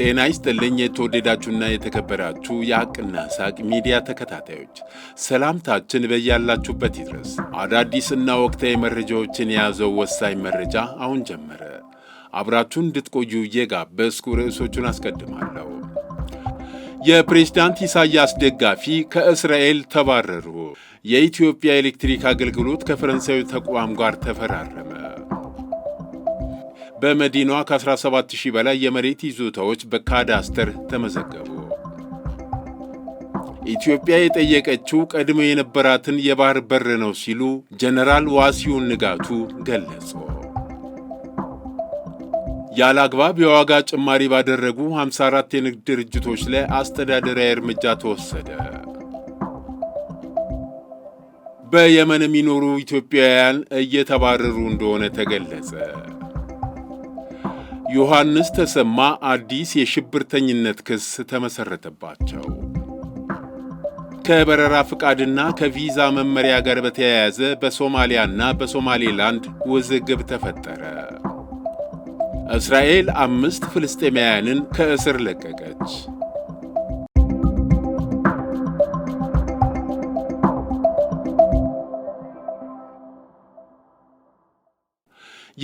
ጤና ይስጥልኝ የተወደዳችሁና የተከበራችሁ የሐቅና ሳቅ ሚዲያ ተከታታዮች ሰላምታችን በያላችሁበት ይድረስ። አዳዲስና ወቅታዊ መረጃዎችን የያዘው ወሳኝ መረጃ አሁን ጀመረ። አብራችሁን እንድትቆዩ እየጋበዝኩ ርዕሶቹን አስቀድማለሁ። የፕሬዝዳንት ኢሳያስ ደጋፊ ከእስራኤል ተባረሩ። የኢትዮጵያ ኤሌክትሪክ አገልግሎት ከፈረንሳዊ ተቋም ጋር ተፈራረመ። በመዲናዋ ከ17 በላይ የመሬት ይዞታዎች በካዳስተር ተመዘገቡ። ኢትዮጵያ የጠየቀችው ቀድሞ የነበራትን የባህር በር ነው ሲሉ ጀነራል ዋሲውን ንጋቱ ገለጹ። ያለ አግባብ የዋጋ ጭማሪ ባደረጉ 54 የንግድ ድርጅቶች ላይ አስተዳደራዊ እርምጃ ተወሰደ። በየመን የሚኖሩ ኢትዮጵያውያን እየተባረሩ እንደሆነ ተገለጸ። ዮሐንስ ተሰማ አዲስ የሽብርተኝነት ክስ ተመሰረተባቸው። ከበረራ ፍቃድና ከቪዛ መመሪያ ጋር በተያያዘ በሶማሊያና በሶማሌላንድ ውዝግብ ተፈጠረ። እስራኤል አምስት ፍልስጤማውያንን ከእስር ለቀቀች።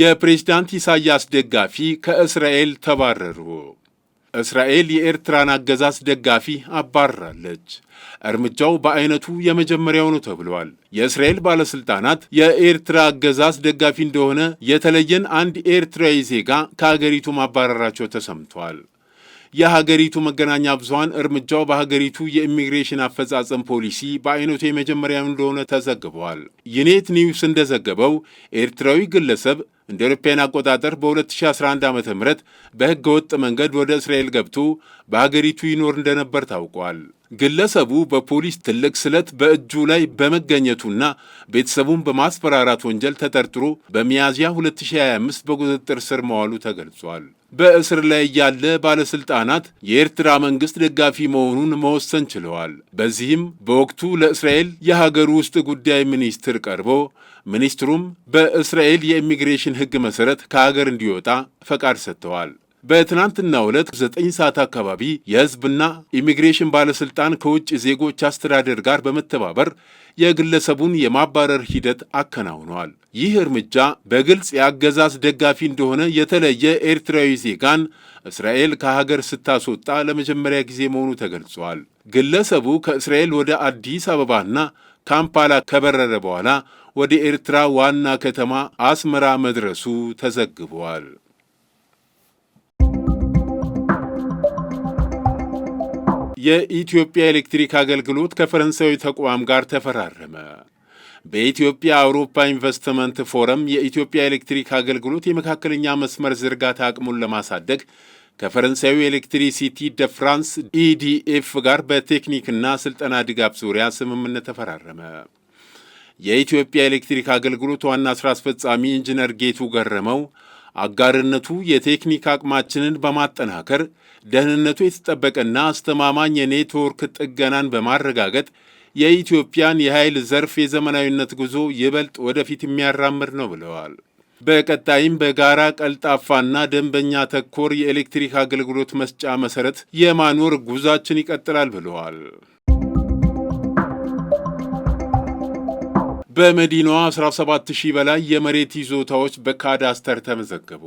የፕሬዝዳንት ኢሳያስ ደጋፊ ከእስራኤል ተባረሩ። እስራኤል የኤርትራን አገዛዝ ደጋፊ አባርራለች። እርምጃው በአይነቱ የመጀመሪያው ነው ተብሏል። የእስራኤል ባለሥልጣናት የኤርትራ አገዛዝ ደጋፊ እንደሆነ የተለየን አንድ ኤርትራዊ ዜጋ ከአገሪቱ ማባረራቸው ተሰምቷል። የሀገሪቱ መገናኛ ብዙሀን እርምጃው በሀገሪቱ የኢሚግሬሽን አፈጻጸም ፖሊሲ በአይነቱ የመጀመሪያ እንደሆነ ተዘግበዋል። የኔት ኒውስ እንደዘገበው ኤርትራዊ ግለሰብ እንደ አውሮፓውያን አቆጣጠር በ2011 ዓ ም በሕገ ወጥ መንገድ ወደ እስራኤል ገብቶ በሀገሪቱ ይኖር እንደነበር ታውቋል። ግለሰቡ በፖሊስ ትልቅ ስለት በእጁ ላይ በመገኘቱና ቤተሰቡን በማስፈራራት ወንጀል ተጠርጥሮ በሚያዝያ 2025 በቁጥጥር ስር መዋሉ ተገልጿል። በእስር ላይ ያለ ባለስልጣናት የኤርትራ መንግስት ደጋፊ መሆኑን መወሰን ችለዋል። በዚህም በወቅቱ ለእስራኤል የሀገር ውስጥ ጉዳይ ሚኒስትር ቀርቦ ሚኒስትሩም በእስራኤል የኢሚግሬሽን ሕግ መሰረት ከሀገር እንዲወጣ ፈቃድ ሰጥተዋል። በትናንትናው ዕለት ዘጠኝ ሰዓት አካባቢ የህዝብና ኢሚግሬሽን ባለሥልጣን ከውጭ ዜጎች አስተዳደር ጋር በመተባበር የግለሰቡን የማባረር ሂደት አከናውነዋል። ይህ እርምጃ በግልጽ የአገዛዝ ደጋፊ እንደሆነ የተለየ ኤርትራዊ ዜጋን እስራኤል ከሀገር ስታስወጣ ለመጀመሪያ ጊዜ መሆኑ ተገልጿል። ግለሰቡ ከእስራኤል ወደ አዲስ አበባና ካምፓላ ከበረረ በኋላ ወደ ኤርትራ ዋና ከተማ አስመራ መድረሱ ተዘግቧል። የኢትዮጵያ ኤሌክትሪክ አገልግሎት ከፈረንሳዊ ተቋም ጋር ተፈራረመ። በኢትዮጵያ አውሮፓ ኢንቨስትመንት ፎረም የኢትዮጵያ ኤሌክትሪክ አገልግሎት የመካከለኛ መስመር ዝርጋታ አቅሙን ለማሳደግ ከፈረንሳዊ ኤሌክትሪሲቲ ደ ፍራንስ ኢዲኤፍ ጋር በቴክኒክና ስልጠና ድጋፍ ዙሪያ ስምምነት ተፈራረመ። የኢትዮጵያ ኤሌክትሪክ አገልግሎት ዋና ሥራ አስፈጻሚ ኢንጂነር ጌቱ ገረመው አጋርነቱ የቴክኒክ አቅማችንን በማጠናከር ደህንነቱ የተጠበቀና አስተማማኝ የኔትወርክ ጥገናን በማረጋገጥ የኢትዮጵያን የኃይል ዘርፍ የዘመናዊነት ጉዞ ይበልጥ ወደፊት የሚያራምድ ነው ብለዋል። በቀጣይም በጋራ ቀልጣፋና ደንበኛ ተኮር የኤሌክትሪክ አገልግሎት መስጫ መሰረት የማኖር ጉዟችን ይቀጥላል ብለዋል። በመዲናዋ ሺህ በላይ የመሬት ይዞታዎች በካዳስተር ተመዘገቡ።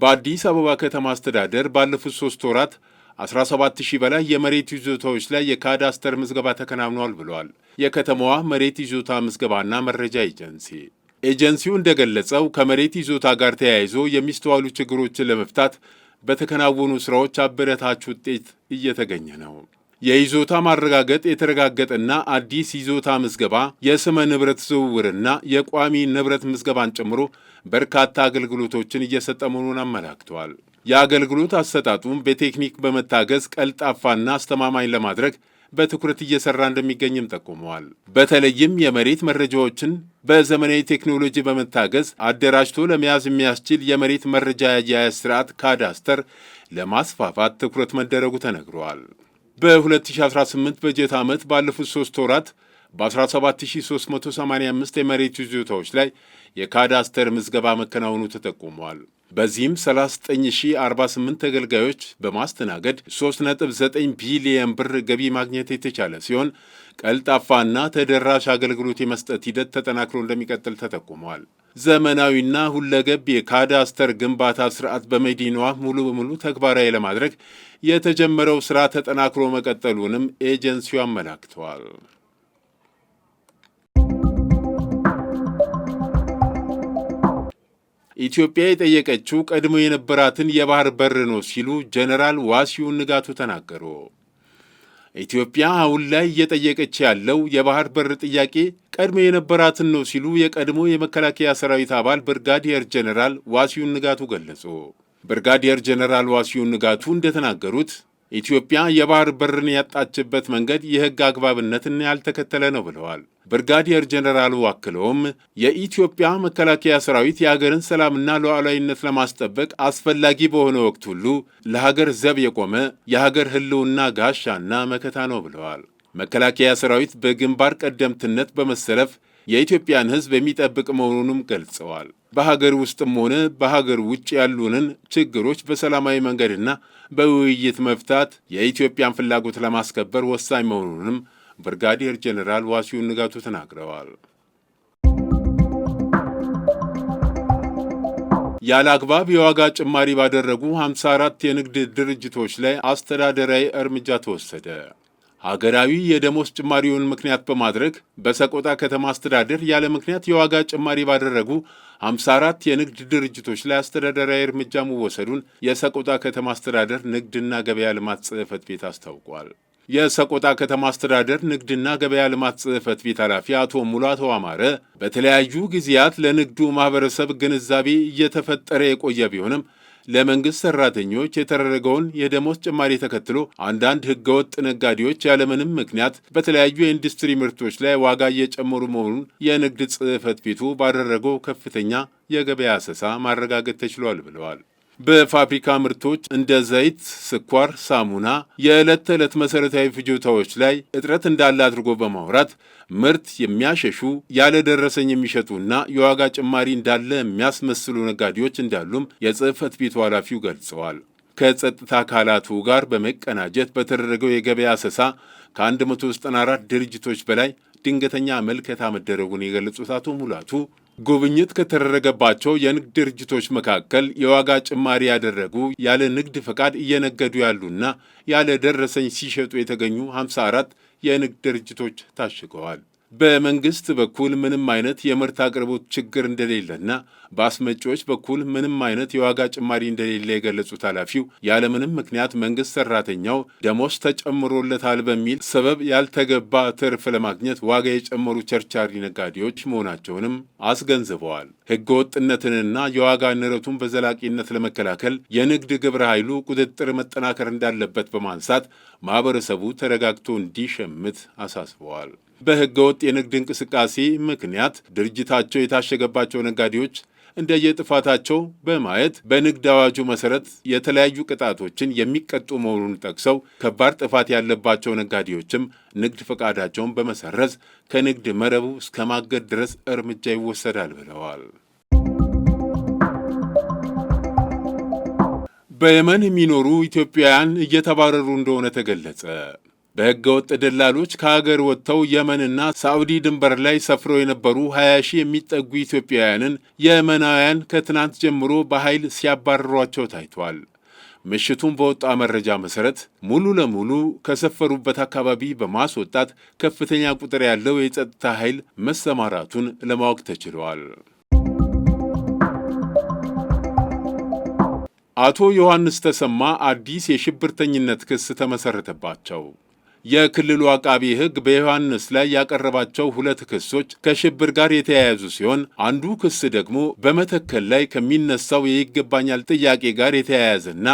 በአዲስ አበባ ከተማ አስተዳደር ባለፉት ሶስት ወራት 17000 በላይ የመሬት ይዞታዎች ላይ የካዳስተር ምዝገባ ተከናውኗል ብሏል የከተማዋ መሬት ይዞታ ምዝገባና መረጃ ኤጀንሲ። ኤጀንሲው እንደገለጸው ከመሬት ይዞታ ጋር ተያይዞ የሚስተዋሉ ችግሮችን ለመፍታት በተከናወኑ ስራዎች አበረታች ውጤት እየተገኘ ነው። የይዞታ ማረጋገጥ የተረጋገጠና አዲስ ይዞታ ምዝገባ፣ የስመ ንብረት ዝውውርና የቋሚ ንብረት ምዝገባን ጨምሮ በርካታ አገልግሎቶችን እየሰጠ መሆኑን አመላክተዋል። የአገልግሎት አሰጣጡም በቴክኒክ በመታገዝ ቀልጣፋና አስተማማኝ ለማድረግ በትኩረት እየሰራ እንደሚገኝም ጠቁመዋል። በተለይም የመሬት መረጃዎችን በዘመናዊ ቴክኖሎጂ በመታገዝ አደራጅቶ ለመያዝ የሚያስችል የመሬት መረጃ አያያዝ ስርዓት ካዳስተር ለማስፋፋት ትኩረት መደረጉ ተነግረዋል። በ2018 በጀት ዓመት ባለፉት ሦስት ወራት በ17385 የመሬት ይዞታዎች ላይ የካዳስተር ምዝገባ መከናወኑ ተጠቁመዋል። በዚህም 39048 ተገልጋዮች በማስተናገድ 3.9 ቢሊየን ብር ገቢ ማግኘት የተቻለ ሲሆን ቀልጣፋና ተደራሽ አገልግሎት የመስጠት ሂደት ተጠናክሮ እንደሚቀጥል ተጠቁሟል። ዘመናዊና ሁለገብ የካዳስተር ግንባታ ስርዓት በመዲናዋ ሙሉ በሙሉ ተግባራዊ ለማድረግ የተጀመረው ስራ ተጠናክሮ መቀጠሉንም ኤጀንሲው አመላክተዋል። ኢትዮጵያ የጠየቀችው ቀድሞ የነበራትን የባህር በር ነው ሲሉ ጀኔራል ዋሲውን ንጋቱ ተናገሩ። ኢትዮጵያ አሁን ላይ እየጠየቀች ያለው የባህር በር ጥያቄ ቀድሞ የነበራትን ነው ሲሉ የቀድሞ የመከላከያ ሰራዊት አባል ብርጋዲየር ጀኔራል ዋሲዩን ንጋቱ ገለጹ። ብርጋዲየር ጀኔራል ዋሲዩን ንጋቱ እንደተናገሩት ኢትዮጵያ የባህር በርን ያጣችበት መንገድ የሕግ አግባብነትን ያልተከተለ ነው ብለዋል። ብርጋዲየር ጀኔራሉ አክለውም የኢትዮጵያ መከላከያ ሰራዊት የሀገርን ሰላምና ሉዓላዊነት ለማስጠበቅ አስፈላጊ በሆነ ወቅት ሁሉ ለሀገር ዘብ የቆመ የሀገር ህልውና ጋሻና መከታ ነው ብለዋል። መከላከያ ሰራዊት በግንባር ቀደምትነት በመሰለፍ የኢትዮጵያን ህዝብ የሚጠብቅ መሆኑንም ገልጸዋል። በሀገር ውስጥም ሆነ በሀገር ውጭ ያሉንን ችግሮች በሰላማዊ መንገድና በውይይት መፍታት የኢትዮጵያን ፍላጎት ለማስከበር ወሳኝ መሆኑንም ብርጋዴር ጄኔራል ዋሲሁን ንጋቱ ተናግረዋል። ያለ አግባብ የዋጋ ጭማሪ ባደረጉ 54 የንግድ ድርጅቶች ላይ አስተዳደራዊ እርምጃ ተወሰደ። ሀገራዊ የደሞዝ ጭማሪውን ምክንያት በማድረግ በሰቆጣ ከተማ አስተዳደር ያለ ምክንያት የዋጋ ጭማሪ ባደረጉ 54 የንግድ ድርጅቶች ላይ አስተዳደራዊ እርምጃ መወሰዱን የሰቆጣ ከተማ አስተዳደር ንግድና ገበያ ልማት ጽሕፈት ቤት አስታውቋል። የሰቆጣ ከተማ አስተዳደር ንግድና ገበያ ልማት ጽሕፈት ቤት ኃላፊ አቶ ሙላቶ አማረ በተለያዩ ጊዜያት ለንግዱ ማህበረሰብ ግንዛቤ እየተፈጠረ የቆየ ቢሆንም ለመንግሥት ሠራተኞች የተደረገውን የደሞዝ ጭማሪ ተከትሎ አንዳንድ ሕገወጥ ነጋዴዎች ያለምንም ምክንያት በተለያዩ የኢንዱስትሪ ምርቶች ላይ ዋጋ እየጨመሩ መሆኑን የንግድ ጽሕፈት ቤቱ ባደረገው ከፍተኛ የገበያ አሰሳ ማረጋገጥ ተችሏል ብለዋል። በፋብሪካ ምርቶች እንደ ዘይት፣ ስኳር፣ ሳሙና የዕለት ተዕለት መሠረታዊ ፍጆታዎች ላይ እጥረት እንዳለ አድርጎ በማውራት ምርት የሚያሸሹ ያለ ደረሰኝ የሚሸጡና የዋጋ ጭማሪ እንዳለ የሚያስመስሉ ነጋዴዎች እንዳሉም የጽህፈት ቤቱ ኃላፊው ገልጸዋል። ከጸጥታ አካላቱ ጋር በመቀናጀት በተደረገው የገበያ አሰሳ ከ194 ድርጅቶች በላይ ድንገተኛ መልከታ መደረጉን የገለጹት አቶ ሙላቱ ጉብኝት ከተደረገባቸው የንግድ ድርጅቶች መካከል የዋጋ ጭማሪ ያደረጉ ያለ ንግድ ፈቃድ እየነገዱ ያሉና ያለ ደረሰኝ ሲሸጡ የተገኙ 54 የንግድ ድርጅቶች ታሽገዋል። በመንግስት በኩል ምንም አይነት የምርት አቅርቦት ችግር እንደሌለና በአስመጪዎች በኩል ምንም አይነት የዋጋ ጭማሪ እንደሌለ የገለጹት ኃላፊው ያለምንም ምክንያት መንግስት ሰራተኛው ደሞዝ ተጨምሮለታል በሚል ሰበብ ያልተገባ ትርፍ ለማግኘት ዋጋ የጨመሩ ቸርቻሪ ነጋዴዎች መሆናቸውንም አስገንዝበዋል። ህገ ወጥነትንና የዋጋ ንረቱን በዘላቂነት ለመከላከል የንግድ ግብረ ኃይሉ ቁጥጥር መጠናከር እንዳለበት በማንሳት ማህበረሰቡ ተረጋግቶ እንዲሸምት አሳስበዋል። በህገወጥ የንግድ እንቅስቃሴ ምክንያት ድርጅታቸው የታሸገባቸው ነጋዴዎች እንደየጥፋታቸው በማየት በንግድ አዋጁ መሰረት የተለያዩ ቅጣቶችን የሚቀጡ መሆኑን ጠቅሰው ከባድ ጥፋት ያለባቸው ነጋዴዎችም ንግድ ፈቃዳቸውን በመሰረዝ ከንግድ መረቡ እስከ ማገድ ድረስ እርምጃ ይወሰዳል ብለዋል። በየመን የሚኖሩ ኢትዮጵያውያን እየተባረሩ እንደሆነ ተገለጸ። በሕገ ወጥ ደላሎች ከሀገር ወጥተው የመንና ሳዑዲ ድንበር ላይ ሰፍረው የነበሩ 20 ሺህ የሚጠጉ ኢትዮጵያውያንን የመናውያን ከትናንት ጀምሮ በኃይል ሲያባረሯቸው ታይቷል። ምሽቱን በወጣ መረጃ መሠረት ሙሉ ለሙሉ ከሰፈሩበት አካባቢ በማስወጣት ከፍተኛ ቁጥር ያለው የጸጥታ ኃይል መሰማራቱን ለማወቅ ተችሏል። አቶ ዮሐንስ ተሰማ አዲስ የሽብርተኝነት ክስ ተመሠረተባቸው። የክልሉ አቃቢ ሕግ በዮሐንስ ላይ ያቀረባቸው ሁለት ክሶች ከሽብር ጋር የተያያዙ ሲሆን አንዱ ክስ ደግሞ በመተከል ላይ ከሚነሳው የይገባኛል ጥያቄ ጋር የተያያዘና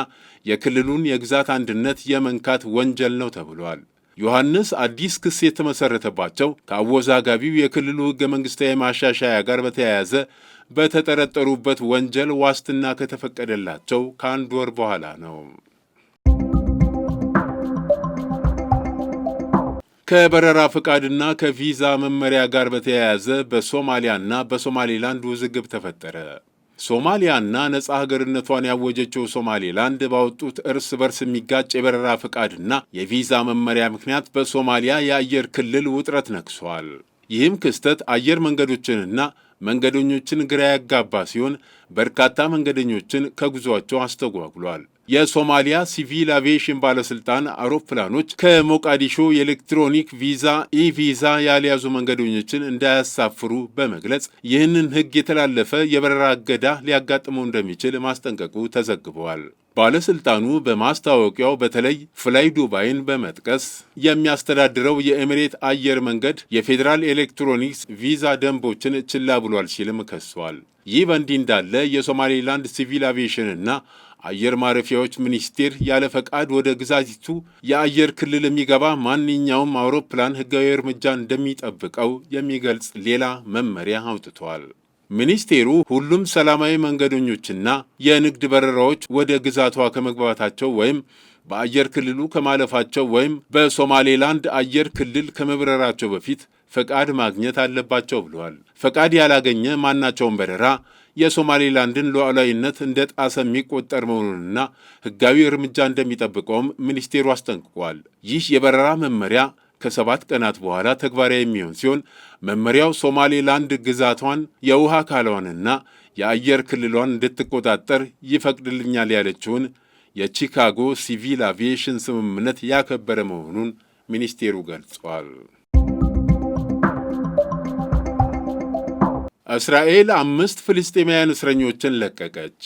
የክልሉን የግዛት አንድነት የመንካት ወንጀል ነው ተብሏል። ዮሐንስ አዲስ ክስ የተመሰረተባቸው ከአወዛጋቢው የክልሉ ሕገ መንግሥታዊ ማሻሻያ ጋር በተያያዘ በተጠረጠሩበት ወንጀል ዋስትና ከተፈቀደላቸው ከአንድ ወር በኋላ ነው። ከበረራ ፍቃድና ከቪዛ መመሪያ ጋር በተያያዘ በሶማሊያና በሶማሌላንድ ውዝግብ ተፈጠረ። ሶማሊያና ነጻ ሀገርነቷን ያወጀችው ሶማሌላንድ ባወጡት እርስ በርስ የሚጋጭ የበረራ ፍቃድና የቪዛ መመሪያ ምክንያት በሶማሊያ የአየር ክልል ውጥረት ነግሷል። ይህም ክስተት አየር መንገዶችንና መንገደኞችን ግራ ያጋባ ሲሆን በርካታ መንገደኞችን ከጉዟቸው አስተጓጉሏል። የሶማሊያ ሲቪል አቪዬሽን ባለስልጣን አውሮፕላኖች ከሞቃዲሾ የኤሌክትሮኒክ ቪዛ ኢቪዛ ያልያዙ መንገደኞችን እንዳያሳፍሩ በመግለጽ ይህንን ሕግ የተላለፈ የበረራ እገዳ ሊያጋጥመው እንደሚችል ማስጠንቀቁ ተዘግበዋል። ባለስልጣኑ በማስታወቂያው በተለይ ፍላይ ዱባይን በመጥቀስ የሚያስተዳድረው የኤሚሬት አየር መንገድ የፌዴራል ኤሌክትሮኒክስ ቪዛ ደንቦችን ችላ ብሏል ሲልም ከሷል። ይህ በእንዲህ እንዳለ የሶማሌላንድ ሲቪል አቪዬሽንና አየር ማረፊያዎች ሚኒስቴር ያለ ፈቃድ ወደ ግዛቲቱ የአየር ክልል የሚገባ ማንኛውም አውሮፕላን ሕጋዊ እርምጃ እንደሚጠብቀው የሚገልጽ ሌላ መመሪያ አውጥተዋል። ሚኒስቴሩ ሁሉም ሰላማዊ መንገደኞችና የንግድ በረራዎች ወደ ግዛቷ ከመግባታቸው ወይም በአየር ክልሉ ከማለፋቸው ወይም በሶማሌላንድ አየር ክልል ከመብረራቸው በፊት ፈቃድ ማግኘት አለባቸው ብለዋል። ፈቃድ ያላገኘ ማናቸውም በረራ የሶማሌላንድን ሉዓላዊነት እንደ ጣሰ የሚቆጠር መሆኑንና ሕጋዊ እርምጃ እንደሚጠብቀውም ሚኒስቴሩ አስጠንቅቋል። ይህ የበረራ መመሪያ ከሰባት ቀናት በኋላ ተግባራዊ የሚሆን ሲሆን መመሪያው ሶማሌላንድ ግዛቷን የውሃ አካሏንና የአየር ክልሏን እንድትቆጣጠር ይፈቅድልኛል ያለችውን የቺካጎ ሲቪል አቪዬሽን ስምምነት ያከበረ መሆኑን ሚኒስቴሩ ገልጿል። እስራኤል አምስት ፍልስጤማውያን እስረኞችን ለቀቀች።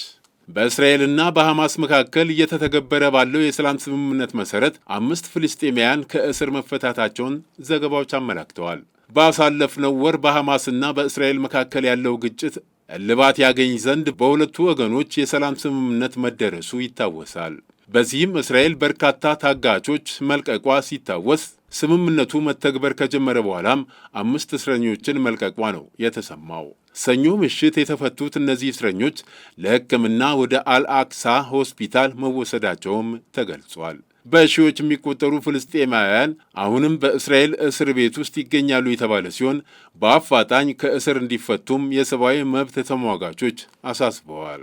በእስራኤልና በሐማስ መካከል እየተተገበረ ባለው የሰላም ስምምነት መሠረት አምስት ፍልስጤማውያን ከእስር መፈታታቸውን ዘገባዎች አመላክተዋል። ባሳለፍነው ወር በሐማስና በእስራኤል መካከል ያለው ግጭት እልባት ያገኝ ዘንድ በሁለቱ ወገኖች የሰላም ስምምነት መደረሱ ይታወሳል። በዚህም እስራኤል በርካታ ታጋቾች መልቀቋ ሲታወስ ስምምነቱ መተግበር ከጀመረ በኋላም አምስት እስረኞችን መልቀቋ ነው የተሰማው። ሰኞ ምሽት የተፈቱት እነዚህ እስረኞች ለሕክምና ወደ አልአክሳ ሆስፒታል መወሰዳቸውም ተገልጿል። በሺዎች የሚቆጠሩ ፍልስጤማውያን አሁንም በእስራኤል እስር ቤት ውስጥ ይገኛሉ የተባለ ሲሆን በአፋጣኝ ከእስር እንዲፈቱም የሰብአዊ መብት ተሟጋቾች አሳስበዋል።